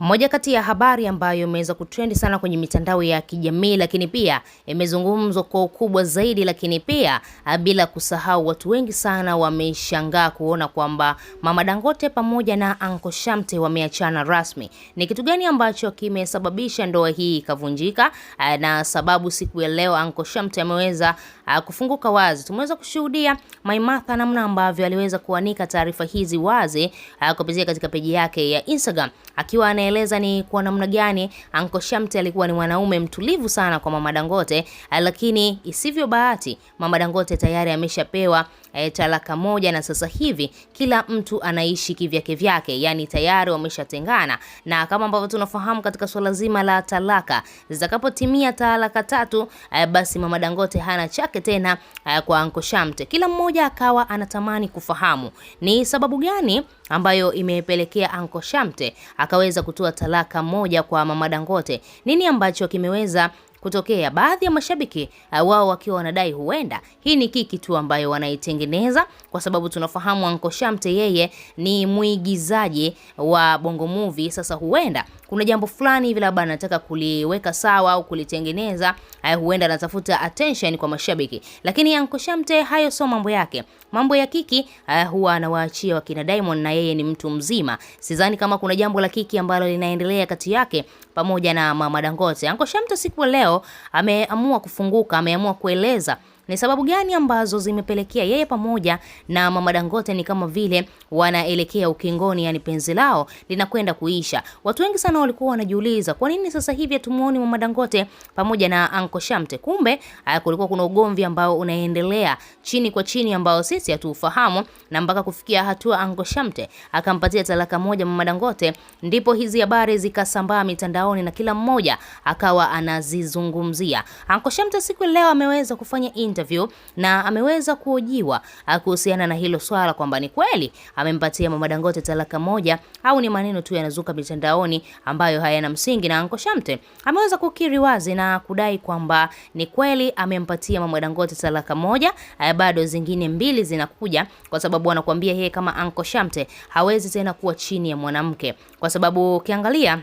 Moja kati ya habari ambayo imeweza kutrendi sana kwenye mitandao ya kijamii, lakini pia imezungumzwa kwa ukubwa zaidi, lakini pia ah, bila kusahau, watu wengi sana wameshangaa kuona kwamba Mama Dangote pamoja na Anko Shamte wameachana rasmi. Ni kitu gani ambacho kimesababisha ndoa hii ikavunjika? Ah, na sababu siku ya leo Anko Shamte ameweza ah, kufunguka wazi. Tumeweza kushuhudia Maimartha namna ambavyo aliweza kuanika taarifa hizi wazi kupitia katika peji yake ya Instagram akiwa ana anaeleza ni kwa namna gani Uncle Shamte alikuwa ni mwanaume mtulivu sana kwa Mama Dangote, eh, lakini isivyo bahati Mama Dangote tayari ameshapewa e, talaka moja, na sasa hivi kila mtu anaishi kivyake vyake, yani tayari wameshatengana. Na kama ambavyo tunafahamu katika swala zima la talaka, zitakapotimia talaka tatu e, basi Mama Dangote hana chake tena e, kwa Uncle Shamte. Kila mmoja akawa anatamani kufahamu ni sababu gani ambayo imepelekea Anko Shamte akaweza kutoa talaka moja kwa Mama Dangote. Nini ambacho kimeweza kutokea baadhi ya mashabiki eh, wao wakiwa wanadai huenda hii ni kiki tu ambayo wanaitengeneza, kwa sababu tunafahamu Anko Shamte yeye ni mwigizaji wa Bongo Movie. Sasa huenda kuna jambo fulani hivi labda anataka kuliweka sawa au kulitengeneza, eh, huenda anatafuta attention kwa mashabiki, lakini Anko Shamte hayo sio mambo yake. Mambo ya kiki eh, huwa anawaachia wakina Diamond, na yeye ni mtu mzima. Sidhani kama kuna jambo la kiki ambalo linaendelea kati yake pamoja na Mama Dangote. Anko Shamte siku leo leo ameamua kufunguka, ameamua kueleza ni sababu gani ambazo zimepelekea yeye pamoja na Mama Dangote ni kama vile wanaelekea ukingoni, yani penzi lao linakwenda kuisha. Watu wengi sana walikuwa wanajiuliza kwa nini sasa hivi hatumuoni Mama Dangote pamoja na Anko Shamte. Kumbe ah, kulikuwa kuna ugomvi ambao unaendelea chini kwa chini ambao sisi hatuufahamu, na mpaka kufikia hatua Anko Shamte akampatia talaka moja Mama Dangote, ndipo hizi habari zikasambaa mitandaoni na kila mmoja akawa anazizungumzia. Anko Shamte siku leo ameweza kufanya in interview na ameweza kuojiwa ah, kuhusiana na hilo swala kwamba ni kweli amempatia Mama Dangote talaka moja au ni maneno tu yanazuka mitandaoni ambayo hayana msingi, na Anko Shamte ameweza kukiri wazi na kudai kwamba ni kweli amempatia Mama Dangote talaka moja, ah, bado zingine mbili zinakuja, kwa sababu anakuambia yeye kama Anko Shamte hawezi tena kuwa chini ya mwanamke, kwa sababu ukiangalia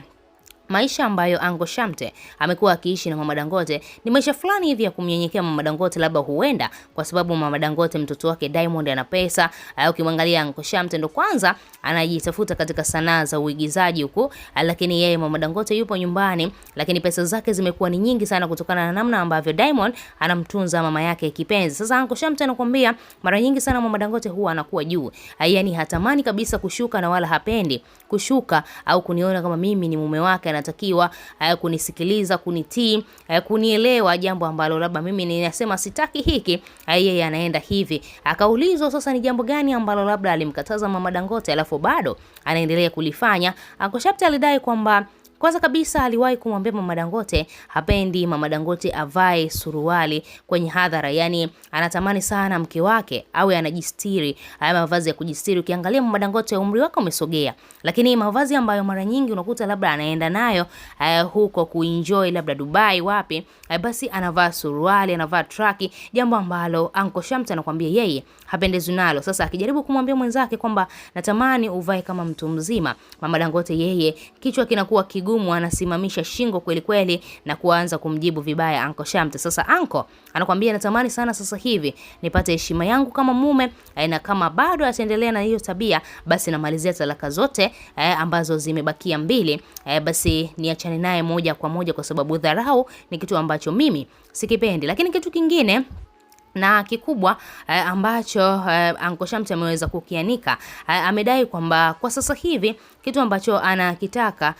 maisha ambayo Ango Shamte amekuwa akiishi na Mama Dangote ni maisha fulani hivi ya kumnyenyekea Mama Dangote, labda huenda kwa sababu Mama Dangote mtoto wake Diamond ana pesa. Ukimwangalia Ango Shamte ndo kwanza anajitafuta katika sanaa za uigizaji huko, lakini yeye Mama Dangote yupo nyumbani, lakini pesa zake zimekuwa ni nyingi sana kutokana na namna ambavyo Diamond anamtunza mama yake kipenzi. Sasa Ango Shamte anakuambia mara nyingi sana Mama Dangote huwa anakuwa juu, yani hatamani kabisa kushuka na wala hapendi kushuka au kuniona kama mimi ni mume wake na anatakiwa eh, kunisikiliza, kunitii, eh, kunielewa, jambo ambalo labda mimi ninasema sitaki hiki, eh, yeye anaenda hivi. Akaulizwa ah, sasa ni jambo gani ambalo labda alimkataza mama Dangote alafu bado anaendelea kulifanya. Akoshapta ah, alidai kwamba kwanza kabisa aliwahi kumwambia Mama Dangote hapendi Mama Dangote avae suruali kwenye hadhara, yani anatamani sana mke wake awe anajistiri, haya mavazi ya kujistiri. Ukiangalia Mama Dangote umri wake umesogea, lakini mavazi ambayo mara nyingi unakuta labda anaenda nayo uh, huko kuenjoy labda Dubai wapi, uh, basi anavaa suruali, anavaa traki, jambo ambalo Uncle Shamte anakuambia yeye hapendezwi nalo. Sasa akijaribu kumwambia mwenzake kwamba natamani uvae kama mtu mzima, Mama Dangote yeye kichwa kinakuwa kigo Gumu anasimamisha shingo kweli kweli na kuanza kumjibu vibaya Anko Shamte. Sasa Anko anakuambia natamani sana sasa hivi nipate heshima yangu kama mume, eh, na kama bado ataendelea na hiyo tabia, basi namalizia talaka zote eh, ambazo zimebakia mbili, eh, basi niachane naye moja kwa moja, kwa sababu dharau ni kitu ambacho mimi sikipendi. Lakini kitu kingine na kikubwa eh, ambacho eh, Anko Shamte ameweza kukianika eh, amedai kwamba kwa sasa hivi kitu ambacho anakitaka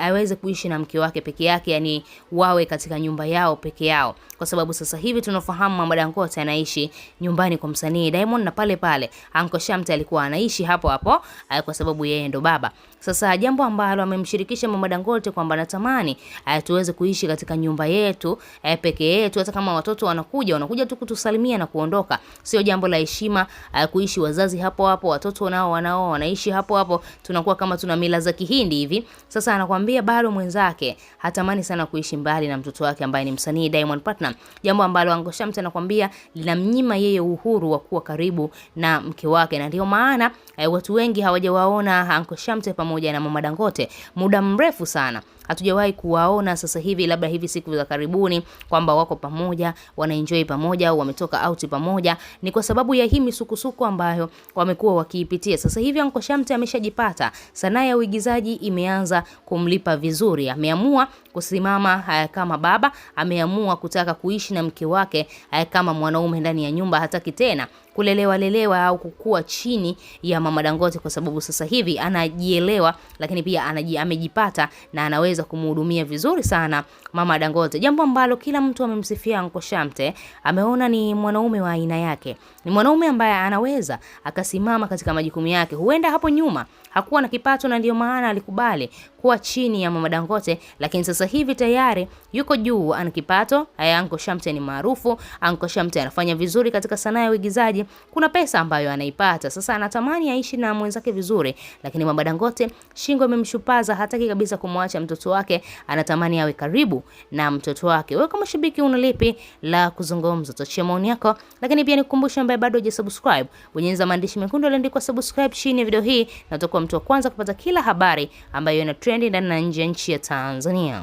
aweze kuishi na mke wake peke yake, yani wawe katika nyumba yao peke yao, kwa sababu sasa hivi tunafahamu Mama Dangote anaishi nyumbani kwa msanii Diamond, na pale pale Uncle Shamte alikuwa anaishi hapo hapo eh, kwa sababu yeye ndo baba. Sasa jambo ambalo amemshirikisha Mama Dangote kwamba anatamani eh, tuweze kuishi katika nyumba yetu eh, peke yetu, hata kama watoto wanakuja wanakuja tu kutusalimia na kuondoka. Sio jambo la heshima kuishi wazazi hapo hapo, watoto nao wanao wanaishi hapo hapo, tunakuwa kama kama tuna mila za Kihindi hivi. Sasa anakuambia bado mwenzake hatamani sana kuishi mbali na mtoto wake ambaye ni msanii Diamond Platnumz, jambo ambalo Angoshamte anakuambia linamnyima yeye uhuru wa kuwa karibu na mke wake, na ndio maana eh, watu wengi hawajawaona Shamte pamoja na Mama Dangote muda mrefu sana hatujawahi kuwaona. Sasa hivi labda hivi siku za karibuni kwamba wako pamoja, wanaenjoy pamoja wametoka out pamoja, ni kwa sababu ya hii misukusuku ambayo wamekuwa wakiipitia. Sasa hivi Anko Shamte ameshajipata sanaa ya uigizaji imeanza kumlipa vizuri. Ameamua kusimama eh, kama baba, ameamua kutaka kuishi na mke wake eh, kama mwanaume ndani ya nyumba, hataki tena kulelewa lelewa au kukua chini ya mama Dangote, kwa sababu sasa hivi anajielewa, lakini pia anaji, amejipata na anaweza kumhudumia vizuri sana mama Dangote, jambo ambalo kila mtu amemsifia Anko Shamte. Ameona ni mwanaume wa aina yake, ni mwanaume ambaye anaweza akasimama katika majukumu yake. Huenda hapo nyuma hakuwa na kipato na ndio maana alikubali kuwa chini ya mama Dangote, lakini sasa hivi tayari yuko juu, ana kipato. Anko Shamte ni maarufu, Anko Shamte anafanya vizuri katika sanaa ya uigizaji kuna pesa ambayo anaipata. Sasa anatamani aishi na mwenzake vizuri, lakini Mama Dangote shingo imemshupaza, hataki kabisa kumwacha mtoto wake, anatamani awe karibu na mtoto wake. Wewe kama shabiki una lipi la kuzungumza? Tuachie maoni yako, lakini pia nikukumbusha, ambaye bado hujasubscribe, bonyeza maandishi mekundu yaliyoandikwa subscribe chini ya video hii, na utakuwa mtu wa kwanza kupata kila habari ambayo ina trend ndani na nje ya nchi ya Tanzania.